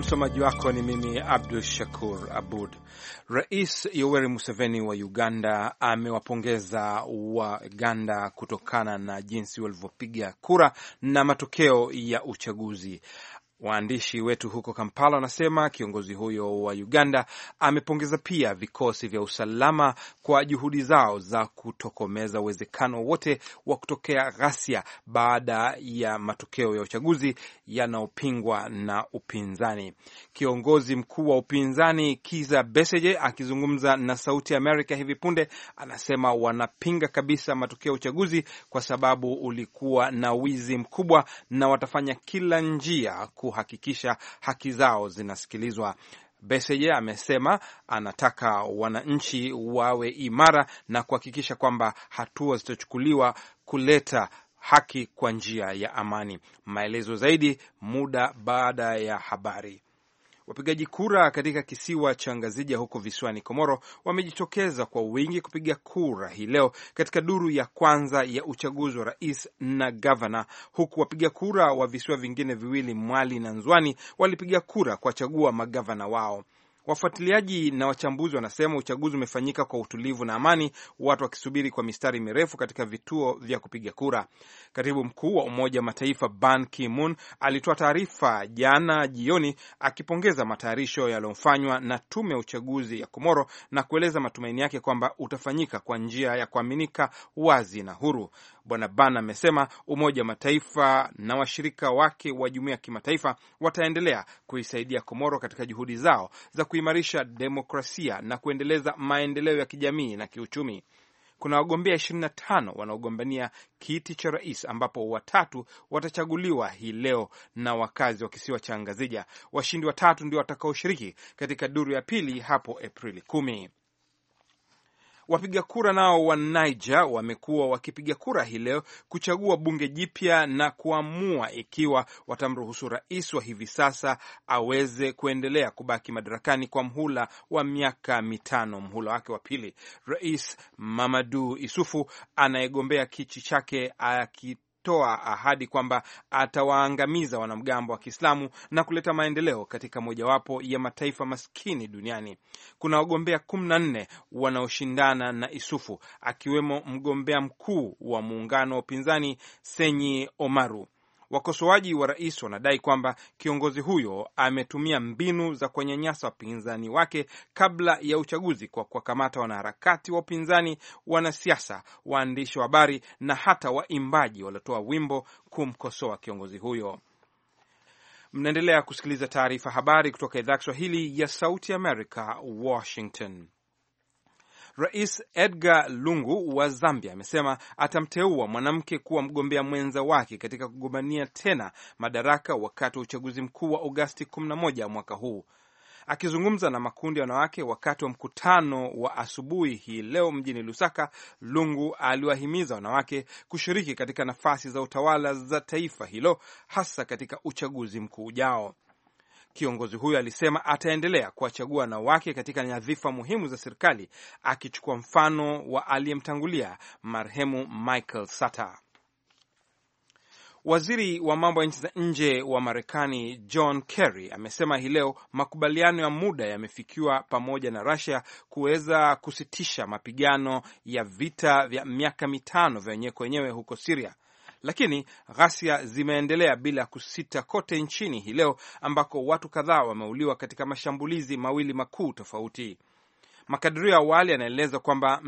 Msomaji wako ni mimi Abdu Shakur Abud. Rais Yoweri Museveni wa Uganda amewapongeza Waganda kutokana na jinsi walivyopiga kura na matokeo ya uchaguzi. Waandishi wetu huko Kampala wanasema kiongozi huyo wa Uganda amepongeza pia vikosi vya usalama kwa juhudi zao za kutokomeza uwezekano wote wa kutokea ghasia baada ya matokeo ya uchaguzi yanayopingwa na upinzani. Kiongozi mkuu wa upinzani Kiza Besigye akizungumza na Sauti Amerika hivi punde anasema wanapinga kabisa matokeo ya uchaguzi kwa sababu ulikuwa na wizi mkubwa na watafanya kila njia ku kuhakikisha haki zao zinasikilizwa. beseje amesema anataka wananchi wawe imara na kuhakikisha kwamba hatua zitachukuliwa kuleta haki kwa njia ya amani. Maelezo zaidi muda baada ya habari. Wapigaji kura katika kisiwa cha Ngazija huko visiwani Komoro wamejitokeza kwa wingi kupiga kura hii leo katika duru ya kwanza ya uchaguzi wa rais na gavana, huku wapiga kura wa visiwa vingine viwili Mwali na Nzwani walipiga kura kuwachagua magavana wao. Wafuatiliaji na wachambuzi wanasema uchaguzi umefanyika kwa utulivu na amani, watu wakisubiri kwa mistari mirefu katika vituo vya kupiga kura. Katibu mkuu wa Umoja wa Mataifa Ban Ki-moon alitoa taarifa jana jioni akipongeza matayarisho yaliyofanywa na tume ya uchaguzi ya Komoro na kueleza matumaini yake kwamba utafanyika kwa njia ya kuaminika, wazi na huru. Bwana Ban amesema Umoja wa Mataifa na washirika wake wa jumuiya ya kimataifa wataendelea kuisaidia Komoro katika juhudi zao za kuimarisha demokrasia na kuendeleza maendeleo ya kijamii na kiuchumi. Kuna wagombea 25 wanaogombania kiti cha rais ambapo watatu watachaguliwa hii leo na wakazi wa kisiwa cha Ngazija. Washindi watatu ndio watakaoshiriki katika duru ya pili hapo Aprili kumi. Wapiga kura nao wa Niger wamekuwa wakipiga kura hii leo kuchagua bunge jipya na kuamua ikiwa watamruhusu rais wa hivi sasa aweze kuendelea kubaki madarakani kwa mhula wa miaka mitano, mhula wake wa pili. Rais Mamadu Isufu anayegombea kiti chake aki toa ahadi kwamba atawaangamiza wanamgambo wa Kiislamu na kuleta maendeleo katika mojawapo ya mataifa maskini duniani. Kuna wagombea kumi na nne wanaoshindana na Isufu, akiwemo mgombea mkuu wa muungano wa upinzani Senyi Omaru. Wakosoaji wa rais wanadai kwamba kiongozi huyo ametumia mbinu za kuwanyanyasa wapinzani wake kabla ya uchaguzi kwa kuwakamata wanaharakati wa upinzani, wanasiasa, waandishi wa habari na hata waimbaji waliotoa wimbo kumkosoa kiongozi huyo. Mnaendelea kusikiliza taarifa habari kutoka idhaa ya Kiswahili ya Sauti Amerika, Washington. Rais Edgar Lungu wa Zambia amesema atamteua mwanamke kuwa mgombea mwenza wake katika kugombania tena madaraka wakati wa uchaguzi mkuu wa Agosti 11 mwaka huu. Akizungumza na makundi ya wanawake wakati wa mkutano wa asubuhi hii leo mjini Lusaka, Lungu aliwahimiza wanawake kushiriki katika nafasi za utawala za taifa hilo hasa katika uchaguzi mkuu ujao. Kiongozi huyo alisema ataendelea kuwachagua wanawake katika nyadhifa muhimu za serikali, akichukua mfano wa aliyemtangulia marehemu Michael Sata. Waziri wa mambo ya nchi za nje wa Marekani John Kerry amesema hii leo makubaliano ya muda yamefikiwa pamoja na Russia kuweza kusitisha mapigano ya vita vya miaka mitano vya wenyewe kwa wenyewe huko Siria. Lakini ghasia zimeendelea bila kusita kote nchini hii leo, ambako watu kadhaa wameuliwa katika mashambulizi mawili makuu tofauti. Makadirio ya awali yanaeleza kwamba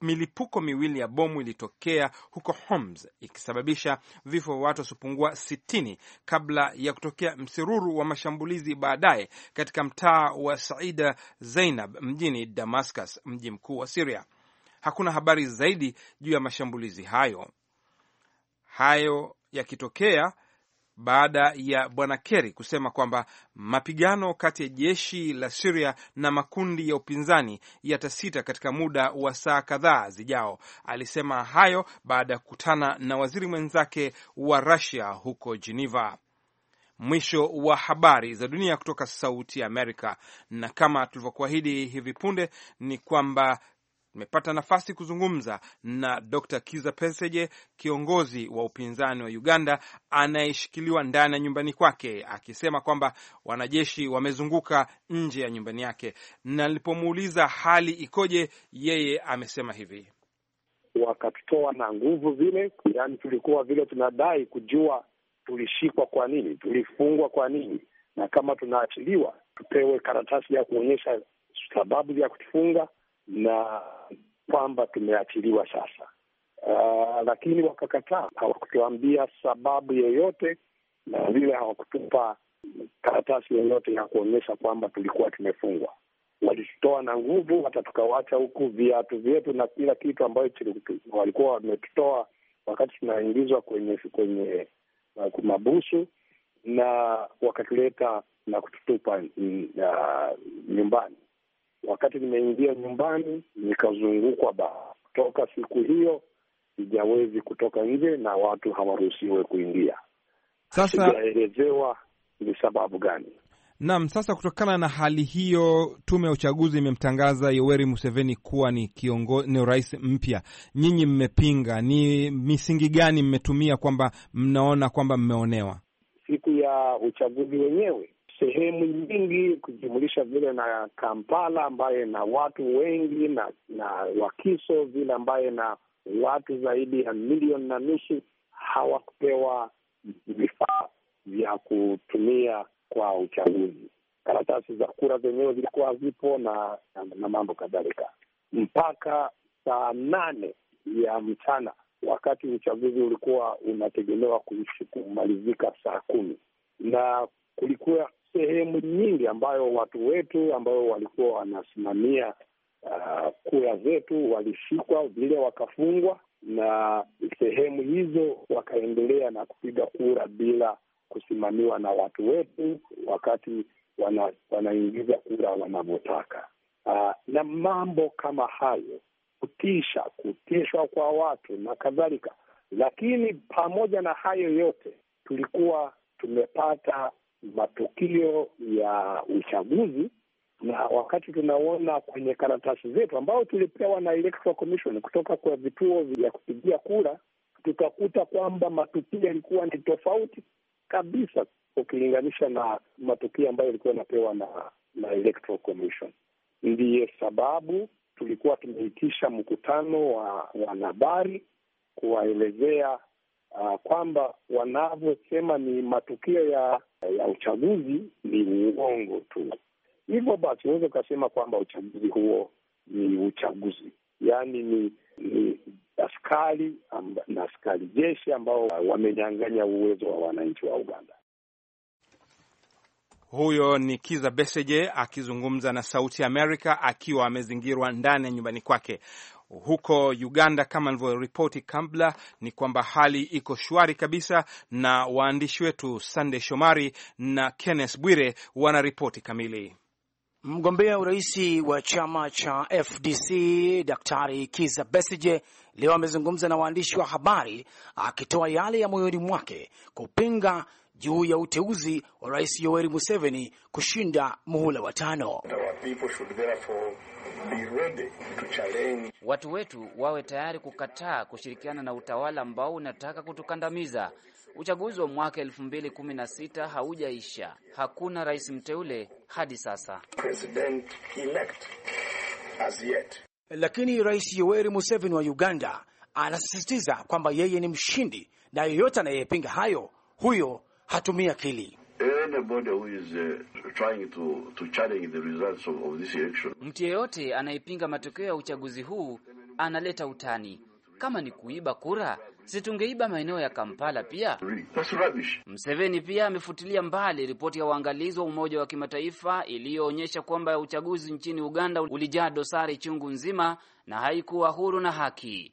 milipuko miwili ya bomu ilitokea huko Homs ikisababisha vifo vya watu wasiopungua 60 kabla ya kutokea msururu wa mashambulizi baadaye katika mtaa wa Saida Zainab mjini Damascus, mji mkuu wa siria Hakuna habari zaidi juu ya mashambulizi hayo hayo yakitokea baada ya bwana Kerry kusema kwamba mapigano kati ya jeshi la Siria na makundi ya upinzani yatasita katika muda wa saa kadhaa zijao. Alisema hayo baada ya kukutana na waziri mwenzake wa Russia huko Geneva. Mwisho wa habari za dunia kutoka Sauti ya Amerika, na kama tulivyokuahidi hivi punde ni kwamba Nimepata nafasi kuzungumza na Dr. Kiza Peseje, kiongozi wa upinzani wa Uganda anayeshikiliwa ndani ya nyumbani kwake, akisema kwamba wanajeshi wamezunguka nje ya nyumbani yake, na nilipomuuliza hali ikoje, yeye amesema hivi: wakatutoa na nguvu vile, yani tulikuwa vile tunadai kujua tulishikwa kwa nini, tulifungwa kwa nini, na kama tunaachiliwa tupewe karatasi ya kuonyesha sababu ya kutufunga na kwamba tumeachiliwa sasa. Uh, lakini wakakataa, hawakutuambia sababu yoyote na vile hawakutupa karatasi yoyote ya kuonyesha kwamba tulikuwa tumefungwa. Walitutoa na nguvu, hata tukawacha huku viatu vyetu na kila kitu ambayo walikuwa wametutoa wakati tunaingizwa kwenye kwenye ah, mabusu, na wakatuleta na kututupa uh, nyumbani. Wakati nimeingia nyumbani nikazungukwa ba toka siku hiyo sijawezi kutoka nje na watu hawaruhusiwe kuingia. Sasa sijaelezewa ni sababu gani? nam sasa kutokana na hali hiyo, tume ya uchaguzi imemtangaza Yoweri Museveni kuwa ni kiongozi, ni rais mpya. Nyinyi mmepinga, ni misingi gani mmetumia kwamba mnaona kwamba mmeonewa? Siku ya uchaguzi wenyewe sehemu nyingi kujumulisha vile na Kampala ambayo na watu wengi na na Wakiso vile ambayo na watu zaidi ya milioni na nusu hawakupewa vifaa vya kutumia kwa uchaguzi. Karatasi za kura zenyewe zilikuwa hazipo na, na, na mambo kadhalika. Mpaka saa nane ya mchana, wakati uchaguzi ulikuwa unategemewa kumalizika saa kumi na kulikuwa sehemu nyingi ambayo watu wetu ambayo walikuwa wanasimamia uh, kura zetu walishikwa vile wakafungwa, na sehemu hizo wakaendelea na kupiga kura bila kusimamiwa na watu wetu, wakati wana, wanaingiza kura wanavyotaka. Uh, na mambo kama hayo, kutisha, kutishwa kwa watu na kadhalika. Lakini pamoja na hayo yote tulikuwa tumepata matukio ya uchaguzi, na wakati tunaona kwenye karatasi zetu ambao tulipewa na Electoral Commission kutoka kwa vituo vya kupigia kura, tutakuta kwamba matukio yalikuwa ni tofauti kabisa ukilinganisha na matukio ambayo yalikuwa yanapewa na na Electoral Commission. Ndiyo sababu tulikuwa tumeitisha mkutano wa wanahabari kuwaelezea uh, kwamba wanavyosema ni matukio ya ya uchaguzi ni uongo tu. Hivyo basi unaweza ukasema kwamba uchaguzi huo ni uchaguzi, yaani ni, ni askari amba, na askari jeshi ambao ah, wamenyang'anya uwezo wa wananchi wa Uganda. Huyo ni Kiza Beseje akizungumza na Sauti Amerika akiwa amezingirwa ndani ya nyumbani kwake huko Uganda, kama nilivyoripoti kabla, ni kwamba hali iko shwari kabisa, na waandishi wetu Sandey Shomari na Kenneth Bwire wana ripoti kamili. Mgombea uraisi wa chama cha FDC Daktari Kiza Besije leo amezungumza na waandishi wa habari akitoa yale ya moyoni mwake kupinga juu ya uteuzi wa Rais Yoweri Museveni kushinda muhula wa tano. Watu wetu wawe tayari kukataa kushirikiana na utawala ambao unataka kutukandamiza. Uchaguzi wa mwaka 2016 haujaisha, hakuna rais mteule hadi sasa. President elect as yet. Lakini Rais Yoweri Museveni wa Uganda anasisitiza kwamba yeye ni mshindi na yeyote anayepinga hayo, huyo hatumia akili. Mtu yeyote anayepinga matokeo ya uchaguzi huu analeta utani. Kama ni kuiba kura, situngeiba maeneo ya Kampala pia. Mseveni pia amefutilia mbali ripoti ya uangalizi wa Umoja wa Kimataifa iliyoonyesha kwamba uchaguzi nchini Uganda ulijaa dosari chungu nzima na haikuwa huru na haki.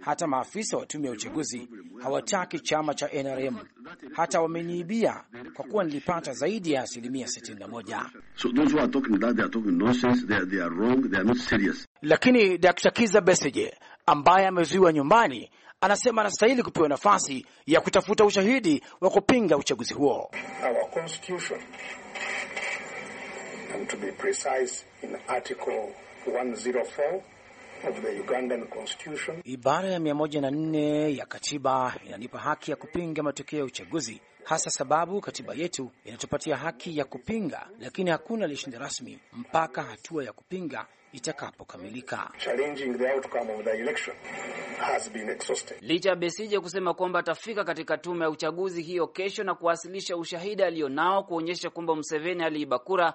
Hata maafisa wa tume ya uchaguzi hawataki chama cha NRM, hata wameniibia kwa kuwa nilipata zaidi ya asilimia 61. Lakini Dr. Kiza Besigye ambaye amezuiwa nyumbani anasema anastahili kupewa nafasi ya kutafuta ushahidi wa kupinga uchaguzi huo. Our Ibara ya 104 ya katiba inanipa haki ya kupinga matokeo ya uchaguzi, hasa sababu katiba yetu inatupatia haki ya kupinga, lakini hakuna lishinda rasmi mpaka hatua ya kupinga itakapokamilika. Licha ya Besije kusema kwamba atafika katika tume ya uchaguzi hiyo kesho na kuwasilisha ushahidi aliyonao kuonyesha kwamba Museveni aliiba kura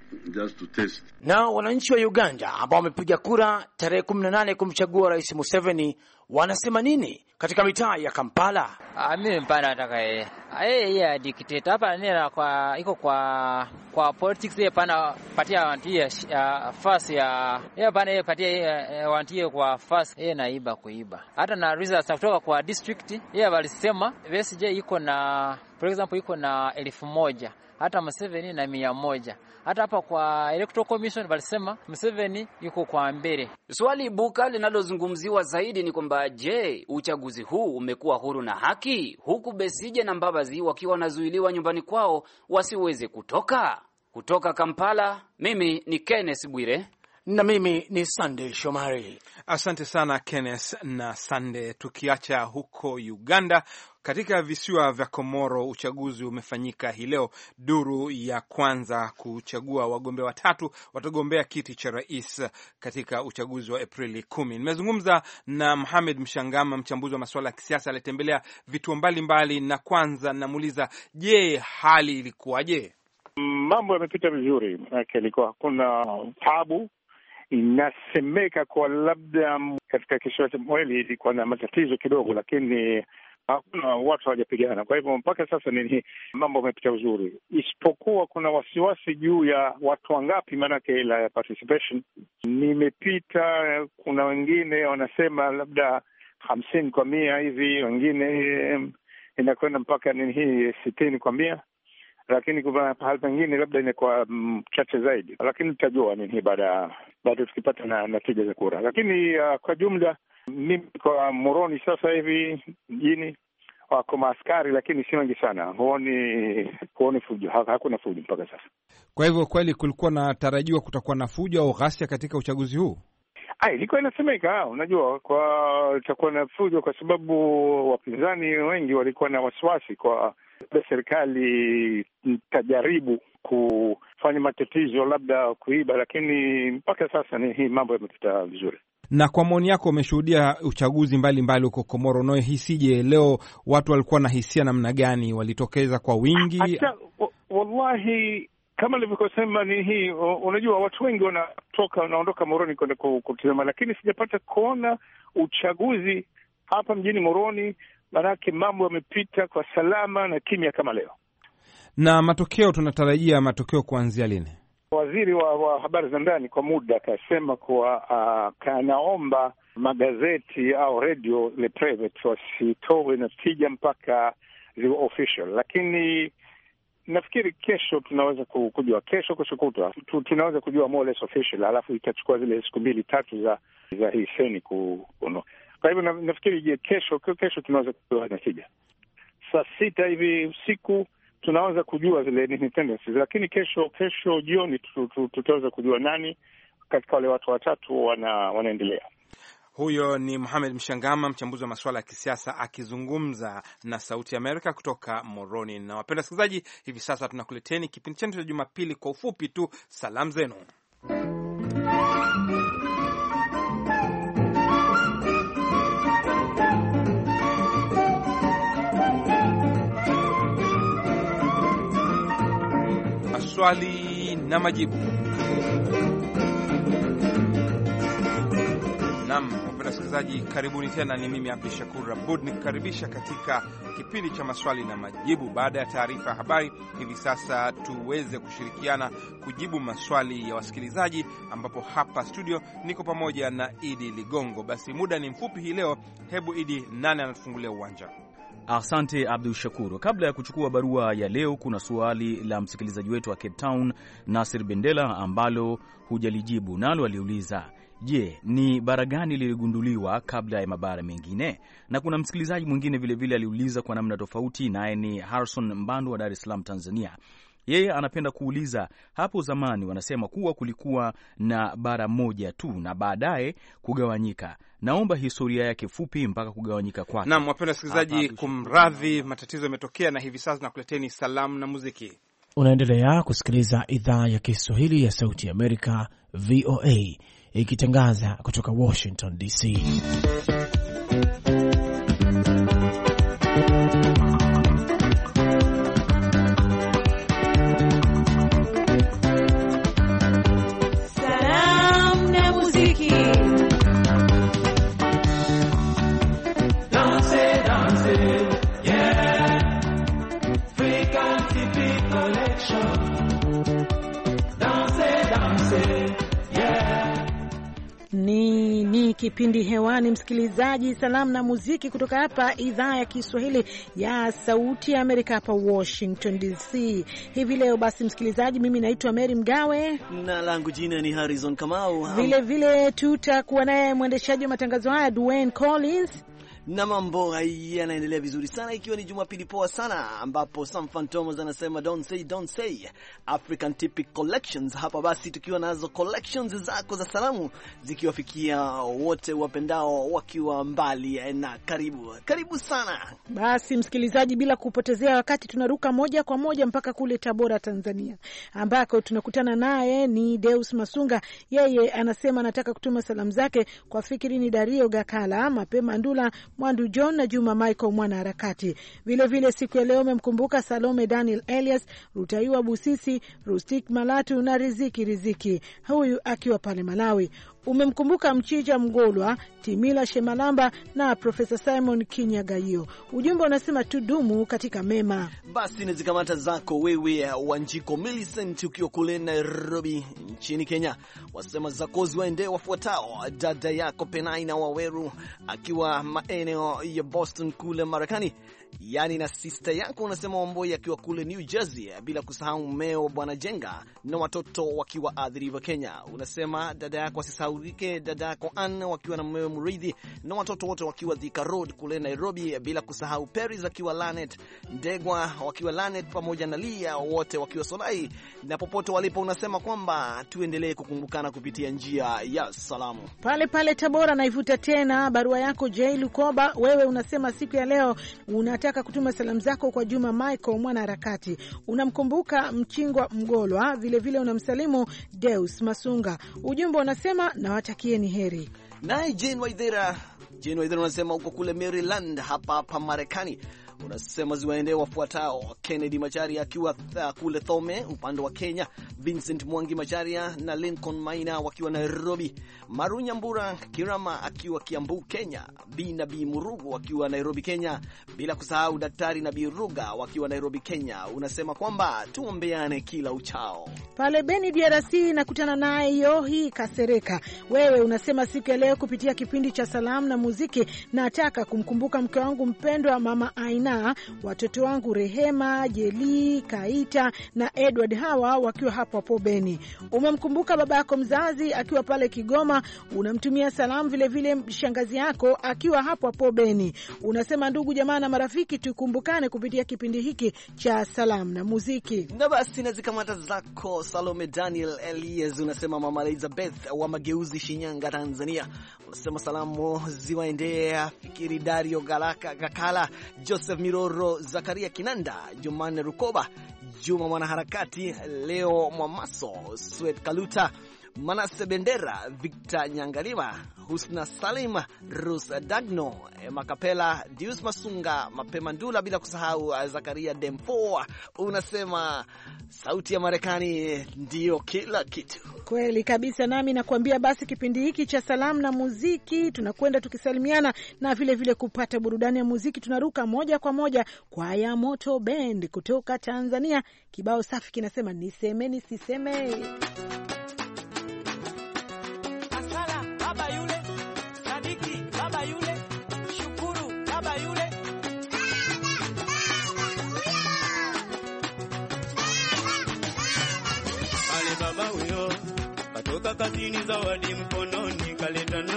just to test. Na wananchi wa Uganda ambao wamepiga kura tarehe 18 kumchagua Rais Museveni wanasema nini katika mitaa ya Kampala? Ah, mimi mpana nataka yeye ah, yeye ya dictator hapa ni kwa iko kwa kwa politics yeye pana patia wantie first ya yeye pana yeye patia eh, wantie kwa first yeye naiba kuiba hata na results kutoka kwa district yeye walisema BSJ iko na for example iko na elfu moja hata Museveni na mia moja hata hapa kwa Electoral Commission walisema Museveni yuko kwa mbele. Swali buka linalozungumziwa zaidi ni kwamba je, uchaguzi huu umekuwa huru na haki, huku Besije na Mbabazi wakiwa wanazuiliwa nyumbani kwao wasiweze kutoka? Kutoka Kampala, mimi ni Kenneth Bwire na mimi ni sandey Shomari. Asante sana Kenneth na Sande. Tukiacha huko Uganda, katika visiwa vya Komoro uchaguzi umefanyika hii leo, duru ya kwanza kuchagua wagombea watatu watagombea kiti cha rais katika uchaguzi wa Aprili kumi. Nimezungumza na Mohamed Mshangama, mchambuzi wa masuala ya kisiasa aliyetembelea vituo mbalimbali, na kwanza namuuliza, je, hali ilikuwaje? Mambo yamepita vizuri, manake ilikuwa hakuna tabu. Inasemeka kwa labda katika kisiwa cha Mweli ilikuwa na matatizo kidogo, lakini hakuna watu hawajapigana. Kwa hivyo mpaka sasa nini, mambo yamepita uzuri, isipokuwa kuna wasiwasi juu ya watu wangapi, maanake ila ya participation nimepita. Kuna wengine wanasema labda hamsini kwa mia hivi, wengine inakwenda mpaka nini hii sitini kwa mia lakini kuna pahali pengine labda inakuwa mchache mm, zaidi, lakini tutajua nini hii baada baada tukipata na natija za kura. Lakini uh, kwa jumla mimi kwa Moroni sasa hivi mjini wako maaskari lakini si wengi sana, huoni huoni fujo, hakuna fujo mpaka sasa. Kwa hivyo kweli kulikuwa na tarajiwa kutakuwa na fujo au ghasia katika uchaguzi huu? Ah, ilikuwa inasemeka, ah, unajua kwa itakuwa na fujo, kwa sababu wapinzani wengi walikuwa na wasiwasi kwa labda serikali itajaribu kufanya matatizo, labda kuiba, lakini mpaka sasa ni hii mambo yamepita vizuri na kwa maoni yako, umeshuhudia uchaguzi mbalimbali huko mbali Komoro, unayohisije leo? Watu walikuwa na hisia namna gani? Walitokeza kwa wingi? Acha, wallahi kama nilivyosema ni hii, unajua watu wengi wanatoka wanaondoka Moroni kwenda kutizama, lakini sijapata kuona uchaguzi hapa mjini Moroni maanake mambo yamepita kwa salama na kimya kama leo. Na matokeo, tunatarajia matokeo kuanzia lini? Waziri wa, wa habari za ndani kwa muda akasema kuwa ah, kanaomba magazeti au redio le private wasitoe natija mpaka ziwe official, lakini nafikiri kesho tunaweza kujua, kesho kushukutwa tu, tunaweza kujua more or less official, alafu itachukua zile siku mbili tatu za za hii seni kuunua. Kwa hivyo na, nafikiri je, kesho kesho tunaweza kupewa natija saa sita hivi usiku tunaanza kujua zile nini tendencies, lakini kesho kesho jioni tutaweza kujua nani katika wale watu watatu wana, wanaendelea. Huyo ni muhamed Mshangama, mchambuzi wa masuala ya kisiasa akizungumza na Sauti Amerika kutoka Moroni. Na wapenda wasikilizaji, hivi sasa tunakuleteni kipindi chetu cha Jumapili kwa ufupi tu, salamu zenu maswali na majibu. Nam wapenda wasikilizaji, karibuni tena. Ni mimi Abdu Shakur Abud nikukaribisha katika kipindi cha maswali na majibu. Baada ya taarifa ya habari, hivi sasa tuweze kushirikiana kujibu maswali ya wasikilizaji, ambapo hapa studio niko pamoja na Idi Ligongo. Basi muda ni mfupi hii leo. Hebu Idi, nani anatufungulia uwanja? Asante Abdul Shakuru. Kabla ya kuchukua barua ya leo, kuna suali la msikilizaji wetu wa Cape Town Nasir Bendela ambalo hujalijibu, nalo aliuliza Je, ni bara gani liligunduliwa kabla ya mabara mengine? Na kuna msikilizaji mwingine vilevile aliuliza kwa namna tofauti, naye ni Harrison Mbando wa Dar es Salaam, Tanzania. Yeye anapenda kuuliza, hapo zamani wanasema kuwa kulikuwa na bara moja tu na baadaye kugawanyika naomba historia yake fupi mpaka kugawanyika kwake. Naam, wapenda wasikilizaji, kumradhi, matatizo yametokea, na hivi sasa nakuleteni salamu na muziki. Unaendelea kusikiliza idhaa ya Kiswahili ya Sauti ya Amerika, VOA, ikitangaza kutoka Washington DC. kipindi hewani, msikilizaji, salamu na muziki kutoka hapa idhaa ya Kiswahili ya Sauti ya Amerika, hapa Washington DC hivi leo. Basi msikilizaji, mimi naitwa Mary Mgawe na langu jina ni Harrison Kamau. vilevile tutakuwa naye mwendeshaji wa matangazo haya Dwayne Collins na mambo yanaendelea vizuri sana, ikiwa ni Jumapili poa sana, ambapo Sam Fantomas anasema don't say don't say African Typic Collections. Hapa basi tukiwa nazo collections zako za salamu zikiwafikia wote wapendao wakiwa mbali na karibu. Karibu sana basi, msikilizaji, bila kupotezea wakati tunaruka moja kwa moja mpaka kule Tabora, Tanzania, ambako tunakutana naye ni Deus Masunga. Yeye anasema anataka kutuma salamu zake kwa Fikiri ni Dario Gakala, mapema Ndula Mwandu John na Juma Michael mwanaharakati. Vilevile siku ya leo amemkumbuka Salome Daniel Elias, Rutaiwa Busisi, Rustik Malatu na Riziki Riziki, huyu akiwa pale Malawi umemkumbuka Mchija Mgolwa, Timila Shemalamba na Profesa Simon kinyagaio Ujumbe unasema tudumu katika mema. Basi na zikamata zako wewe, eh, Wanjiko Milicent, ukiwa kule Nairobi nchini Kenya, wasema zakozi waende wafuatao: dada yako Penai na Waweru akiwa maeneo ya Boston kule Marekani, yani na sista yako unasema Wamboi akiwa kule New Jersey, bila kusahau mmeo Bwana Jenga na watoto wakiwa adhiriva Kenya. Unasema dada yako asisaurike dada yako Ann wakiwa na mmeo Mridhi na watoto wote wakiwa Thika Road kule Nairobi, bila kusahau Peris akiwa Lanet, Ndegwa wakiwa Lanet pamoja na Lia wote wakiwa Solai na popote walipo, unasema kwamba tuendelee kukumbukana kupitia njia ya salamu. Pale pale Tabora naivuta tena barua yako J Lukoba, wewe unasema siku ya leo una unataka kutuma salamu zako kwa Juma Michael mwanaharakati, unamkumbuka Mchingwa Mgolwa, vilevile unamsalimu Deus Masunga. Ujumbe unasema nawatakieni heri. Naye Jane Waithera, Jane Waithera unasema uko kule Maryland, hapa hapa Marekani unasema ziwaendee wafuatao: Kennedy Macharia akiwa uh, kule Thome upande wa Kenya, Vincent Mwangi Macharia uh, na Lincoln Maina wakiwa Nairobi, Maru Nyambura Kirama akiwa Kiambu, Kenya, B na B Murugu wakiwa Nairobi, Kenya, bila kusahau Daktari na Ruga wakiwa Nairobi, Kenya. Unasema kwamba tuombeane kila uchao. Pale Beni DRC nakutana naye Yohi Kasereka, wewe unasema siku ya leo kupitia kipindi cha salamu na muziki, nataka kumkumbuka mke wangu mpendwa Mama Aina na watoto wangu Rehema, Jeli, Kaita na Edward, hawa wakiwa hapo hapo Beni. Umemkumbuka baba yako mzazi akiwa pale Kigoma, unamtumia salamu vilevile vile shangazi yako akiwa hapo hapo Beni. Unasema ndugu jamaa na marafiki tukumbukane kupitia kipindi hiki cha salamu na muziki. Na basi nazikamata zikamata zako Salome Daniel Elias, unasema mama Elizabeth wa Mageuzi, Shinyanga, Tanzania. Unasema salamu ziwaendea Fikiri Dario Galaka, Gakala Joseph Miroro, Zakaria Kinanda, Jumanne Rukoba, Juma Mwanaharakati, Leo Mwamaso, Swet Kaluta Manase Bendera, Victor Nyangalima, Husna Salim, Rus Dagno, Makapela, Dius Masunga, Mapema Ndula, bila kusahau eh, Zakaria Demfo. Unasema sauti ya Marekani ndiyo kila kitu. Kweli kabisa, nami nakuambia basi, kipindi hiki cha salamu na muziki tunakwenda tukisalimiana na vilevile vile kupata burudani ya muziki. Tunaruka moja kwa moja kwa ya Moto Bend kutoka Tanzania, kibao safi kinasema nisemeni siseme kaskazini, zawadi mkononi kaleta na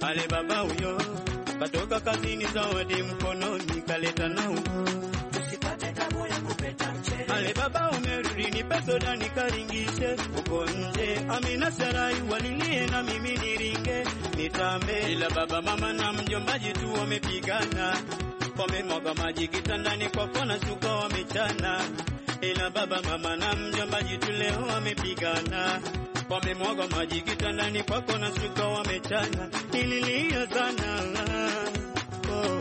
Ale baba huyo katoka kazini, zawadi mkononi kaleta na ungo. Ale baba umerudi, nipe soda nikaringishe uko nje. Amina Sarai walilie na mimi niringe nitambe, ila baba mama na mjombaji tu wamepigana, wamemwaga maji kitandani kwa kona, shuka wamechana ila baba mama na mjomba jitu leo wamepigana, wamemwaga maji kitandani kwako na shuka wamechana, nililia sana oh, oh,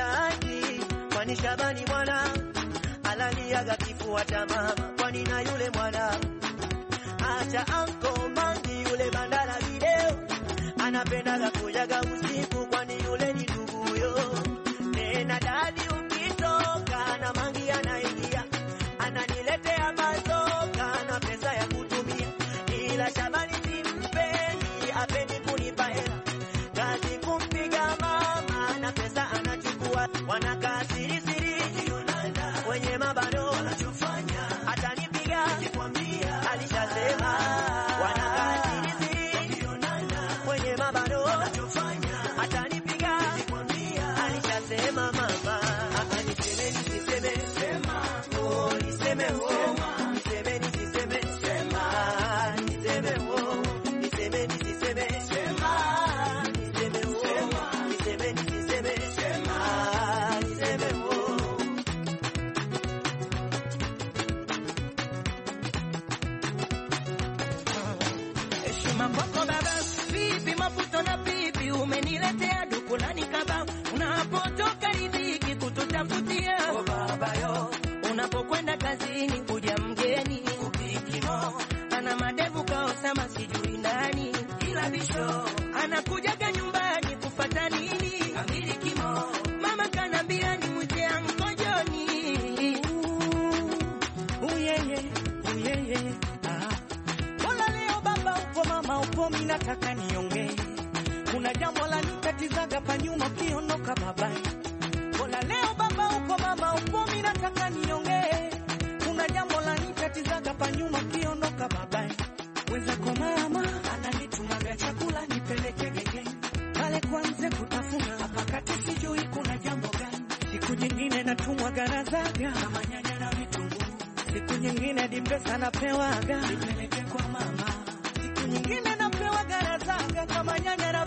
oh. kwani Shabani bwana alaliaga kifua cha mama, kwani na yule mwana acha anko mangi yule bandala video anapendaga kujaga hivyo minataka nionge, kuna jambo la nikatizaga pa nyuma ukiondoka baba. Bona leo baba uko mama upo, minataka nionge, kuna jambo la nikatizaga pa nyuma ukiondoka baba. Weza kwa mama ananitumaga chakula nipeleke gege pale kwanze kutafuna hapa kati, sijui kuna jambo gani. Siku nyingine natumwa garazaga kama nyanya na vitungu, siku nyingine dimpesa napewaga basanga nka manyanyara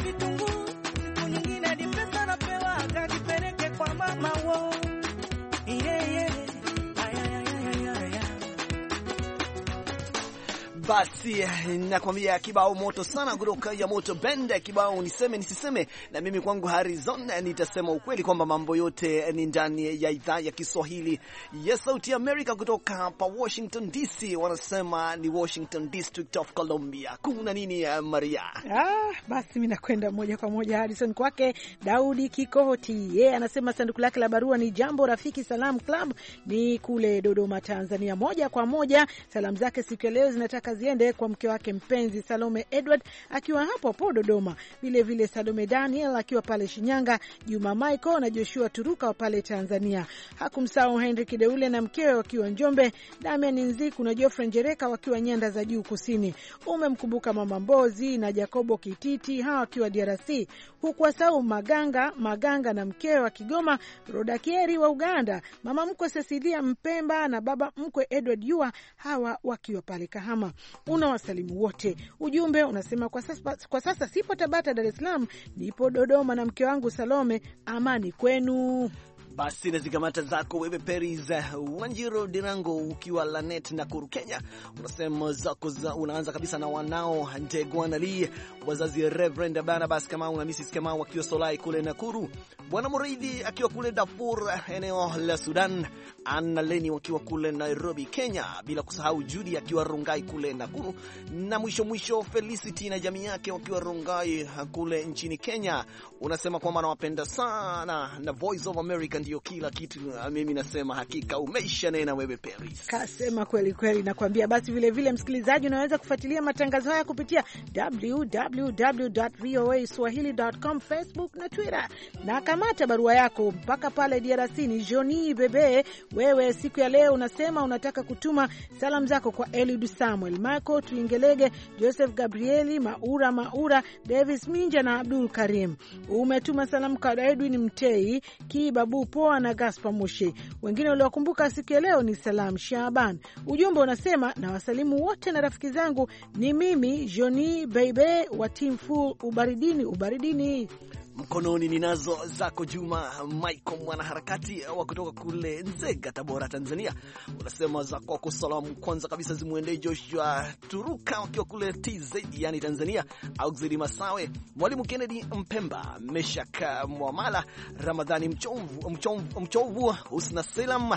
Basi eh, nakwambia kibao moto sana kutoka ya moto bende, kibao niseme nisiseme. Na mimi kwangu Harizon, eh, nitasema ukweli kwamba mambo yote eh, ni ndani ya idhaa ya Kiswahili ya yes, Sauti America kutoka hapa Washington DC. Wanasema ni Washington District of Columbia. Kuna nini ya Maria? Ah, basi mimi nakwenda moja kwa moja Harrison kwake Daudi Kikoti. Yeye yeah, anasema sanduku lake la barua ni Jambo Rafiki Salam Club, ni kule Dodoma, Tanzania. Moja kwa moja salamu zake siku ya leo zinataka ziende kwa mke wake mpenzi Salome Edward akiwa hapo hapo Dodoma, vilevile Salome Daniel akiwa pale Shinyanga, Juma Michael na Joshua Turuka wa pale Tanzania. Hakumsahau Henry Kideule na mkewe wakiwa Njombe, Damian Nziku na Geoffrey Njereka wakiwa nyanda za juu kusini. Umemkumbuka Mama Mbozi na Jacobo Kititi, hawa wakiwa DRC, huku wasahau Maganga Maganga na mkewe wa Kigoma, Rodakieri wa Uganda, mama mkwe Cecilia Mpemba na baba mkwe Edward Yua, hawa wakiwa pale Kahama unawasalimu wote. Ujumbe unasema kwa sasa, kwa sasa sipo Tabata, Dar es Salaam, nipo Dodoma na mke wangu Salome. Amani kwenu. Basi na zikamata zako wewe Peris eh, Wanjiro Dirango ukiwa Lanet Nakuru, Kenya, unasema zako za unaanza kabisa na wanao Ntegwanali, wazazi Reverend Barnabas Kamau na Mrs Kamau akiwa Solai kule Nakuru, Bwana Muridhi akiwa kule Darfur eneo la Sudan, Anna Leni wakiwa kule Nairobi, Kenya, bila kusahau Judy akiwa Rongai kule Nakuru, na mwisho mwisho Felicity na jamii yake wakiwa Rongai kule nchini Kenya. Unasema kwamba anawapenda sana na Voice of America ndio kila kitu. Ah, mimi nasema hakika umeisha nena wewe Paris, kasema kweli kweli, nakwambia. Basi vilevile, msikilizaji, unaweza kufuatilia matangazo haya kupitia www.voaswahili.com, Facebook na Twitter, na kamata barua yako mpaka pale DRC. Ni Joni Bebe, wewe siku ya leo unasema unataka kutuma salamu zako kwa Eliud Samuel, Marco Tuingelege, Joseph Gabrieli, Maura Maura, Davis Minja na Abdul Karim. Umetuma salamu kwa Edwin Mtei Kibabu poa na Gaspa Mushe. Wengine waliokumbuka siku ya leo ni Salam Shaban. Ujumbe unasema na wasalimu wote na rafiki zangu, ni mimi Joni Beibe wa Timfu, ubaridini ubaridini mkononi ninazo zako Juma Maiko, mwanaharakati wa kutoka kule Nzega, Tabora, Tanzania. Unasema za kwako salamu kwanza kabisa zimwendee Joshua Turuka wakiwa kule TZ, yani Tanzania, Auxili Masawe, Mwalimu Kennedy Mpemba, Meshak Mwamala, Ramadhani Mchovu, Mchovu, Mchovu Husna Selam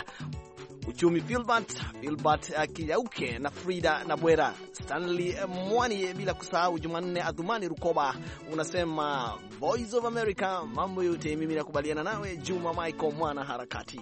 uchumi Filbert Filbert Kiyauke na Frida na Bwera Stanley Mwani, bila kusahau Jumanne Adhumani Rukoba. Unasema Voice of America, mambo yote mimi nakubaliana nawe. Juma Michael mwana harakati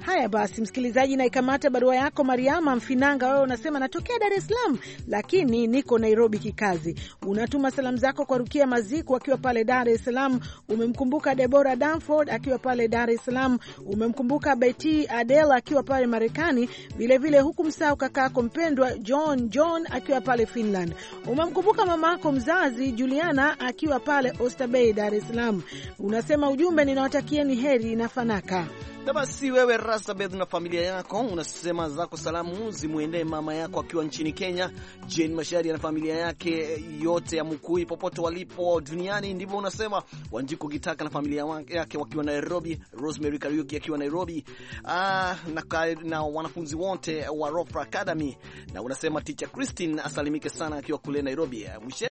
Haya basi, msikilizaji, naikamata barua yako Mariama Mfinanga. Wewe unasema natokea Dar es Salaam, lakini niko Nairobi kikazi. Unatuma salamu zako kwa Rukia Maziku akiwa pale Dar es Salaam, umemkumbuka Debora Danford akiwa pale Dar es Salaam, umemkumbuka Beti Adela akiwa pale Marekani, vilevile huku msahau kakaako mpendwa John John akiwa pale Finland, umemkumbuka mama mzazi Juliana akiwa pale Oysterbay Dar es Salaam. Unasema ujumbe, ninawatakieni heri na fanaka. Na basi wewe Rasabeth na familia yako unasema zako salamu zimwendee mama yako akiwa nchini Kenya, Jane Mashari na familia yake yote ya Mkui popote walipo duniani. Ndivyo unasema Wanjiku Gitaka na familia yake wakiwa Nairobi, Rosemary Kariuki akiwa Nairobi, ah, na, na wanafunzi wote wa Rofra Academy, na unasema ticha Christine asalimike sana akiwa kule Nairobi. Mwishe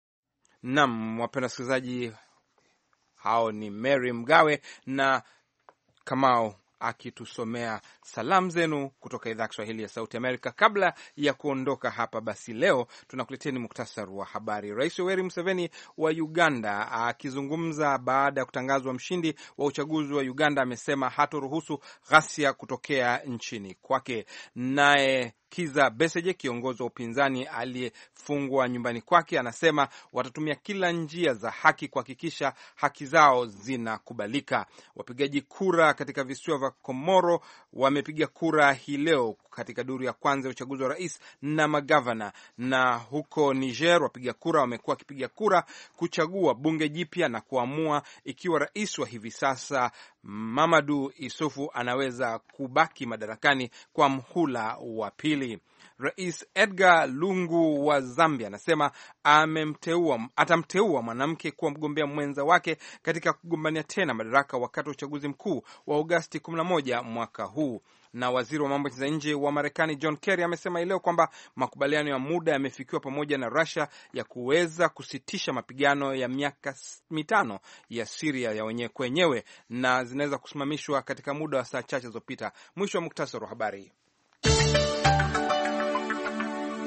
nam wapenda wasikilizaji, hao ni Mary Mgawe na Kamau akitusomea salamu zenu kutoka idhaa ya Kiswahili ya Sauti Amerika. Kabla ya kuondoka hapa, basi leo tunakuleteni muktasari wa habari. Rais Yoweri Museveni wa Uganda akizungumza baada ya kutangazwa mshindi wa uchaguzi wa Uganda amesema hatoruhusu ghasia kutokea nchini kwake. Naye Kiza Beseje, kiongozi wa upinzani aliyefungwa nyumbani kwake, anasema watatumia kila njia za haki kuhakikisha haki zao zinakubalika. Wapigaji kura katika visiwa vya Komoro wame wamepiga kura hii leo katika duru ya kwanza ya uchaguzi wa rais na magavana. Na huko Niger, wapiga kura wamekuwa wakipiga kura kuchagua bunge jipya na kuamua ikiwa rais wa hivi sasa Mamadu Isufu anaweza kubaki madarakani kwa mhula wa pili. Rais Edgar Lungu wa Zambia anasema amemteua, atamteua mwanamke kuwa mgombea mwenza wake katika kugombania tena madaraka wakati wa uchaguzi mkuu wa Agosti 11 mwaka huu. Na waziri wa mambo ya nje wa Marekani John Kerry amesema leo kwamba makubaliano ya muda yamefikiwa pamoja na Russia ya kuweza kusitisha mapigano ya miaka mitano ya Siria ya wenyewe kwenyewe na zinaweza kusimamishwa katika muda wa saa chache zilizopita. Mwisho wa muktasari wa habari.